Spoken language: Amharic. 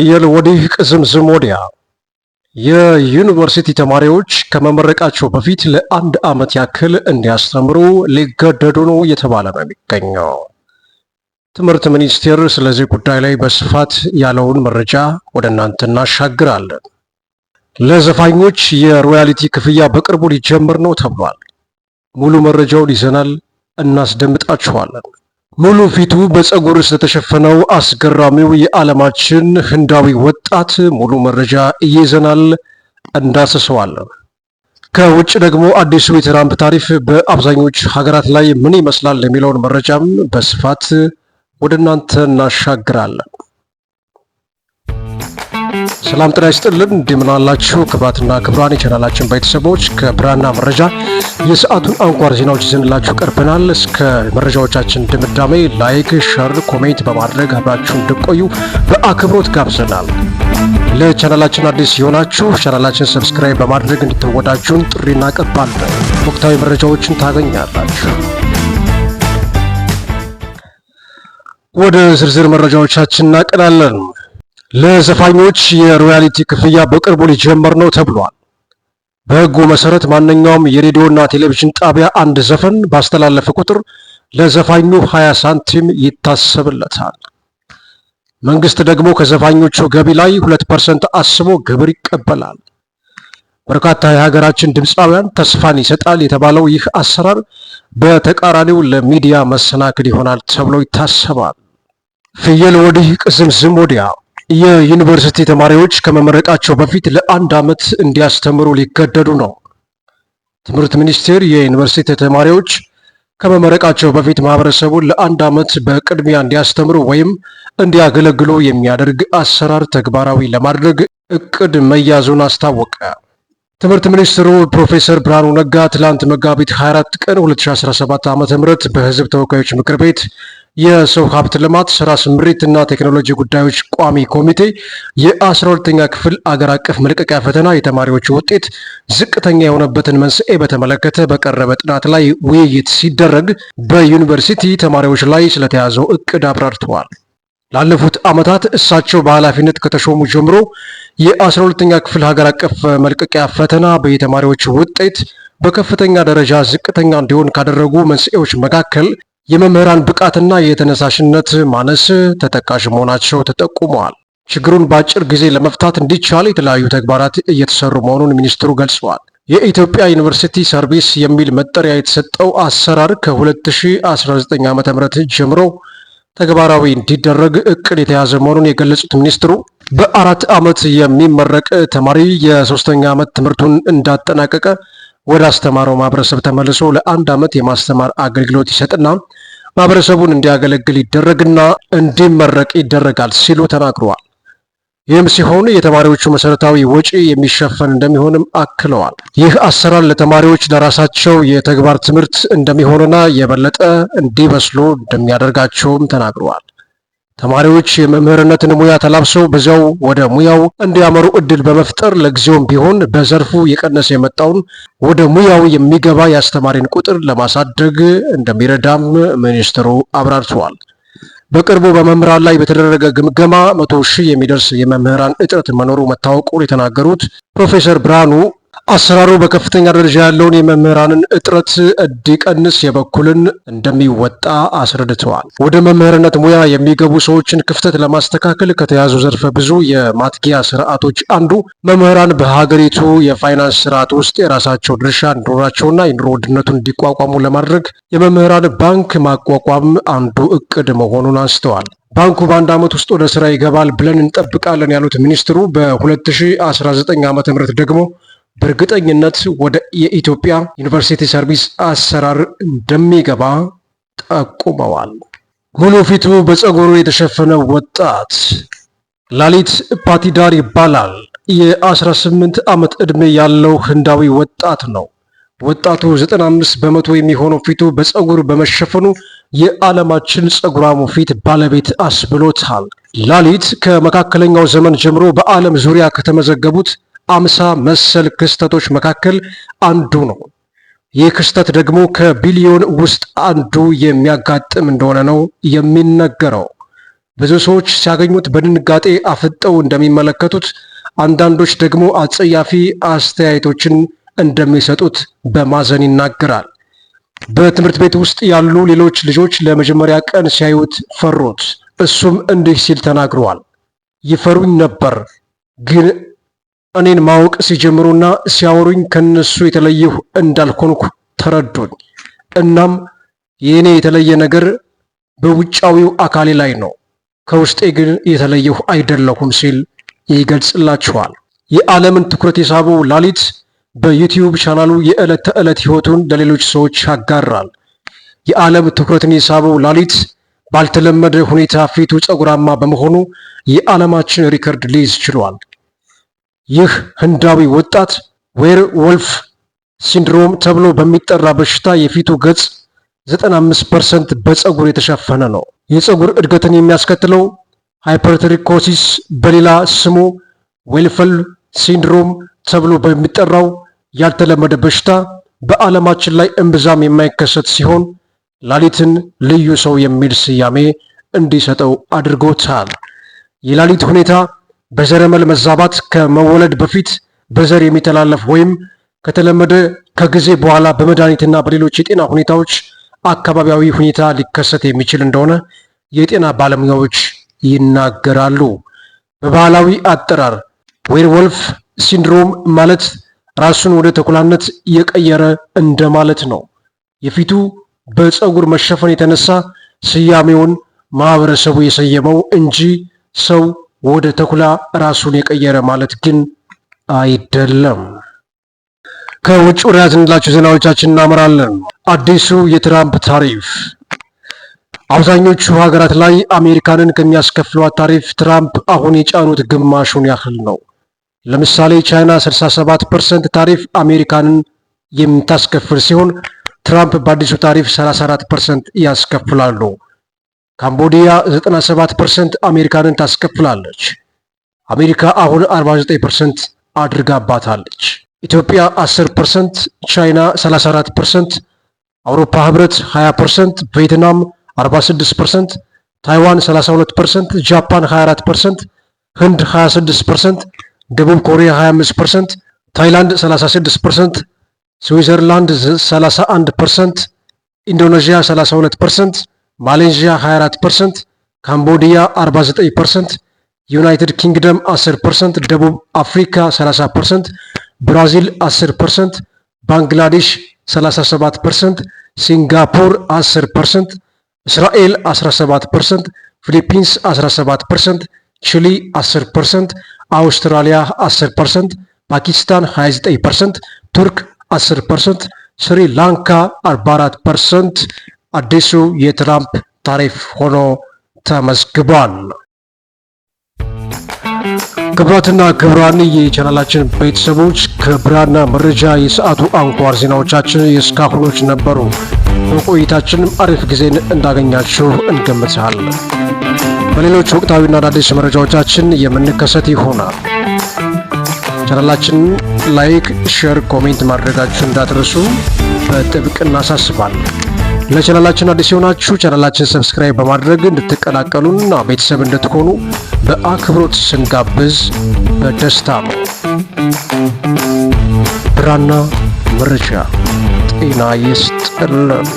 ፍየል ወዲህ ቅዝምዝም ወዲያ። የዩኒቨርሲቲ ተማሪዎች ከመመረቃቸው በፊት ለአንድ ዓመት ያክል እንዲያስተምሩ ሊገደዱ ነው እየተባለ ነው የሚገኘው። ትምህርት ሚኒስቴር ስለዚህ ጉዳይ ላይ በስፋት ያለውን መረጃ ወደ እናንተ እናሻግራለን። ለዘፋኞች የሮያሊቲ ክፍያ በቅርቡ ሊጀምር ነው ተብሏል። ሙሉ መረጃውን ይዘናል፣ እናስደምጣችኋለን። ሙሉ ፊቱ በፀጉር ስለተሸፈነው አስገራሚው የዓለማችን ህንዳዊ ወጣት ሙሉ መረጃ ይዘናል፣ እንዳስሰዋል ከውጭ ደግሞ አዲሱ የትራምፕ ታሪፍ በአብዛኞች ሀገራት ላይ ምን ይመስላል የሚለውን መረጃም በስፋት ወደ እናንተ እናሻግራለን። ሰላም ጤና ይስጥልን። እንደምን አላችሁ ክቡራትና ክቡራን የቻናላችን ቤተሰቦች፣ ከብራና መረጃ የሰዓቱን አንኳር ዜናዎች ይዘንላችሁ ቀርበናል። እስከ መረጃዎቻችን ድምዳሜ ላይክ፣ ሸር፣ ኮሜንት በማድረግ አብራችሁ እንድቆዩ በአክብሮት ጋብዘናል። ለቻናላችን አዲስ የሆናችሁ ቻናላችን ሰብስክራይብ በማድረግ እንድትወዳጁን ጥሪ እናቀርባለን። ወቅታዊ መረጃዎችን ታገኛላችሁ። ወደ ዝርዝር መረጃዎቻችን እናቀናለን። ለዘፋኞች የሮያሊቲ ክፍያ በቅርቡ ሊጀመር ነው ተብሏል። በህጉ መሰረት ማንኛውም የሬዲዮና ቴሌቪዥን ጣቢያ አንድ ዘፈን ባስተላለፈ ቁጥር ለዘፋኙ 20 ሳንቲም ይታሰብለታል። መንግስት ደግሞ ከዘፋኞቹ ገቢ ላይ 2% አስቦ ግብር ይቀበላል። በርካታ የሀገራችን ድምፃውያን ተስፋን ይሰጣል የተባለው ይህ አሰራር በተቃራኒው ለሚዲያ መሰናክል ይሆናል ተብሎ ይታሰባል። ፍየል ወዲህ ቅዝምዝም ወዲያ የዩኒቨርሲቲ ተማሪዎች ከመመረቃቸው በፊት ለአንድ ዓመት እንዲያስተምሩ ሊገደዱ ነው። ትምህርት ሚኒስቴር የዩኒቨርሲቲ ተማሪዎች ከመመረቃቸው በፊት ማህበረሰቡን ለአንድ ዓመት በቅድሚያ እንዲያስተምሩ ወይም እንዲያገለግሉ የሚያደርግ አሰራር ተግባራዊ ለማድረግ እቅድ መያዙን አስታወቀ። ትምህርት ሚኒስትሩ ፕሮፌሰር ብርሃኑ ነጋ ትላንት መጋቢት 24 ቀን 2017 ዓ ም በህዝብ ተወካዮች ምክር ቤት የሰው ሀብት ልማት ስራ ስምሪትና ቴክኖሎጂ ጉዳዮች ቋሚ ኮሚቴ የ 12 ክፍል አገር አቀፍ መልቀቂያ ፈተና የተማሪዎች ውጤት ዝቅተኛ የሆነበትን መንስኤ በተመለከተ በቀረበ ጥናት ላይ ውይይት ሲደረግ በዩኒቨርሲቲ ተማሪዎች ላይ ስለተያዘው እቅድ አብራርተዋል። ላለፉት ዓመታት እሳቸው በኃላፊነት ከተሾሙ ጀምሮ የ12ኛ ክፍል ሀገር አቀፍ መልቀቂያ ፈተና በየተማሪዎች ውጤት በከፍተኛ ደረጃ ዝቅተኛ እንዲሆን ካደረጉ መንስኤዎች መካከል የመምህራን ብቃትና የተነሳሽነት ማነስ ተጠቃሽ መሆናቸው ተጠቁመዋል። ችግሩን በአጭር ጊዜ ለመፍታት እንዲቻል የተለያዩ ተግባራት እየተሰሩ መሆኑን ሚኒስትሩ ገልጸዋል። የኢትዮጵያ ዩኒቨርሲቲ ሰርቪስ የሚል መጠሪያ የተሰጠው አሰራር ከ2019 ዓ ም ጀምሮ ተግባራዊ እንዲደረግ እቅድ የተያዘ መሆኑን የገለጹት ሚኒስትሩ በአራት ዓመት የሚመረቅ ተማሪ የሶስተኛ ዓመት ትምህርቱን እንዳጠናቀቀ ወደ አስተማረው ማህበረሰብ ተመልሶ ለአንድ ዓመት የማስተማር አገልግሎት ይሰጥና ማህበረሰቡን እንዲያገለግል ይደረግና እንዲመረቅ ይደረጋል ሲሉ ተናግረዋል። ይህም ሲሆን የተማሪዎቹ መሰረታዊ ወጪ የሚሸፈን እንደሚሆንም አክለዋል። ይህ አሰራር ለተማሪዎች ለራሳቸው የተግባር ትምህርት እንደሚሆንና የበለጠ እንዲበስሉ እንደሚያደርጋቸውም ተናግረዋል። ተማሪዎች የመምህርነትን ሙያ ተላብሰው በዚያው ወደ ሙያው እንዲያመሩ እድል በመፍጠር ለጊዜውም ቢሆን በዘርፉ የቀነሰ የመጣውን ወደ ሙያው የሚገባ የአስተማሪን ቁጥር ለማሳደግ እንደሚረዳም ሚኒስትሩ አብራርተዋል። በቅርቡ በመምህራን ላይ በተደረገ ግምገማ መቶ ሺህ የሚደርስ የመምህራን እጥረት መኖሩ መታወቁን የተናገሩት ፕሮፌሰር ብርሃኑ አሰራሩ በከፍተኛ ደረጃ ያለውን የመምህራንን እጥረት እንዲቀንስ የበኩልን እንደሚወጣ አስረድተዋል። ወደ መምህርነት ሙያ የሚገቡ ሰዎችን ክፍተት ለማስተካከል ከተያዙ ዘርፈ ብዙ የማትጊያ ስርዓቶች አንዱ መምህራን በሀገሪቱ የፋይናንስ ስርዓት ውስጥ የራሳቸው ድርሻ እንዲኖራቸውና የኑሮ ውድነቱን እንዲቋቋሙ ለማድረግ የመምህራን ባንክ ማቋቋም አንዱ እቅድ መሆኑን አንስተዋል። ባንኩ በአንድ ዓመት ውስጥ ወደ ስራ ይገባል ብለን እንጠብቃለን ያሉት ሚኒስትሩ በ2019 ዓ ም ደግሞ በእርግጠኝነት ወደ የኢትዮጵያ ዩኒቨርሲቲ ሰርቪስ አሰራር እንደሚገባ ጠቁመዋል። ሙሉ ፊቱ በፀጉሩ የተሸፈነ ወጣት ላሊት ፓቲዳር ይባላል። የ18 ዓመት ዕድሜ ያለው ህንዳዊ ወጣት ነው። ወጣቱ 95 በመቶ የሚሆነው ፊቱ በፀጉር በመሸፈኑ የዓለማችን ፀጉራሙ ፊት ባለቤት አስብሎታል። ላሊት ከመካከለኛው ዘመን ጀምሮ በዓለም ዙሪያ ከተመዘገቡት አምሳ መሰል ክስተቶች መካከል አንዱ ነው። ይህ ክስተት ደግሞ ከቢሊዮን ውስጥ አንዱ የሚያጋጥም እንደሆነ ነው የሚነገረው። ብዙ ሰዎች ሲያገኙት በድንጋጤ አፍጠው እንደሚመለከቱት፣ አንዳንዶች ደግሞ አጸያፊ አስተያየቶችን እንደሚሰጡት በማዘን ይናገራል። በትምህርት ቤት ውስጥ ያሉ ሌሎች ልጆች ለመጀመሪያ ቀን ሲያዩት ፈሩት። እሱም እንዲህ ሲል ተናግረዋል። ይፈሩኝ ነበር ግን እኔን ማወቅ ሲጀምሩና ሲያወሩኝ ከነሱ የተለየሁ እንዳልሆንኩ ተረዶኝ። እናም የእኔ የተለየ ነገር በውጫዊው አካሌ ላይ ነው፣ ከውስጤ ግን የተለየሁ አይደለሁም ሲል ይገልጽላችኋል። የዓለምን ትኩረት የሳበው ላሊት በዩቲዩብ ቻናሉ የዕለት ተዕለት ሕይወቱን ለሌሎች ሰዎች ያጋራል። የዓለም ትኩረትን የሳበው ላሊት ባልተለመደ ሁኔታ ፊቱ ፀጉራማ በመሆኑ የዓለማችን ሪከርድ ሊይዝ ችሏል። ይህ ህንዳዊ ወጣት ዌር ወልፍ ሲንድሮም ተብሎ በሚጠራ በሽታ የፊቱ ገጽ 95 በፀጉር የተሸፈነ ነው። የፀጉር እድገትን የሚያስከትለው ሃይፐርትሪኮሲስ በሌላ ስሙ ዌልፈል ሲንድሮም ተብሎ በሚጠራው ያልተለመደ በሽታ በዓለማችን ላይ እምብዛም የማይከሰት ሲሆን ላሊትን ልዩ ሰው የሚል ስያሜ እንዲሰጠው አድርጎታል። የላሊት ሁኔታ በዘረመል መዛባት ከመወለድ በፊት በዘር የሚተላለፍ ወይም ከተለመደ ከጊዜ በኋላ በመድኃኒትና በሌሎች የጤና ሁኔታዎች አካባቢያዊ ሁኔታ ሊከሰት የሚችል እንደሆነ የጤና ባለሙያዎች ይናገራሉ። በባህላዊ አጠራር ዌርወልፍ ሲንድሮም ማለት ራሱን ወደ ተኩላነት የቀየረ እንደማለት ነው። የፊቱ በፀጉር መሸፈን የተነሳ ስያሜውን ማህበረሰቡ የሰየመው እንጂ ሰው ወደ ተኩላ ራሱን የቀየረ ማለት ግን አይደለም። ከውጭ ወደ ያዝንላችሁ ዜናዎቻችን እናመራለን። አዲሱ የትራምፕ ታሪፍ አብዛኞቹ ሀገራት ላይ አሜሪካንን ከሚያስከፍሏት ታሪፍ ትራምፕ አሁን የጫኑት ግማሹን ያህል ነው። ለምሳሌ ቻይና 67 ፐርሰንት ታሪፍ አሜሪካንን የምታስከፍል ሲሆን ትራምፕ በአዲሱ ታሪፍ 34 ፐርሰንት ያስከፍላሉ። ካምቦዲያ 97 ፐርሰንት አሜሪካንን ታስከፍላለች። አሜሪካ አሁን 49 ፐርሰንት አድርጋባታለች። ኢትዮጵያ 10 ፐርሰንት፣ ቻይና 34 ፐርሰንት፣ አውሮፓ ህብረት 20 ፐርሰንት፣ ቪየትናም 46 ፐርሰንት፣ ታይዋን 32 ፐርሰንት፣ ጃፓን 24 ፐርሰንት፣ ህንድ 26 ፐርሰንት፣ ደቡብ ኮሪያ 25 ፐርሰንት፣ ታይላንድ 36 ፐርሰንት፣ ስዊዘርላንድ 31 ፐርሰንት፣ ኢንዶኔዥያ 32 ፐርሰንት ማሌዥያ 24 ፐርሰንት፣ ካምቦዲያ 49 ፐርሰንት፣ ዩናይትድ ኪንግደም 10 ፐርሰንት፣ ደቡብ አፍሪካ 30 ፐርሰንት፣ ብራዚል 10 ፐርሰንት፣ ባንግላዴሽ 37 ፐርሰንት፣ ሲንጋፖር 10 ፐርሰንት፣ እስራኤል 17 ፐርሰንት፣ ፊሊፒንስ 17 ፐርሰንት፣ ቺሊ 10 ፐርሰንት፣ አውስትራሊያ 10 ፐርሰንት፣ ፓኪስታን 29 ፐርሰንት፣ ቱርክ 10 ፐርሰንት፣ ስሪላንካ 44 ፐርሰንት አዲሱ የትራምፕ ታሪፍ ሆኖ ተመዝግቧል። ክብራትና ክብራን የቻናላችን ቤተሰቦች ክብራና መረጃ የሰዓቱ አንኳር ዜናዎቻችን የእስካሁኖች ነበሩ። በቆይታችንም አሪፍ ጊዜን እንዳገኛችሁ እንገምታለን። በሌሎች ወቅታዊና አዳዲስ መረጃዎቻችን የምንከሰት ይሆናል። ቻናላችን ላይክ፣ ሼር፣ ኮሜንት ማድረጋችሁ እንዳትረሱ በጥብቅ እናሳስባለን። ለቻናላችን አዲስ የሆናችሁ ቻናላችን ሰብስክራይብ በማድረግ እንድትቀላቀሉና ቤተሰብ እንድትሆኑ በአክብሮት ስንጋብዝ በደስታ ነው። ብራና መረጃ ጤና ይስጥልን።